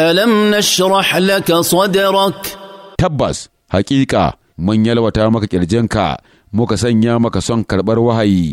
ألم نشرح لك صدرك تبس حقيقة من يلوى تامك كرجنك muka sanya maka son karɓar wahayi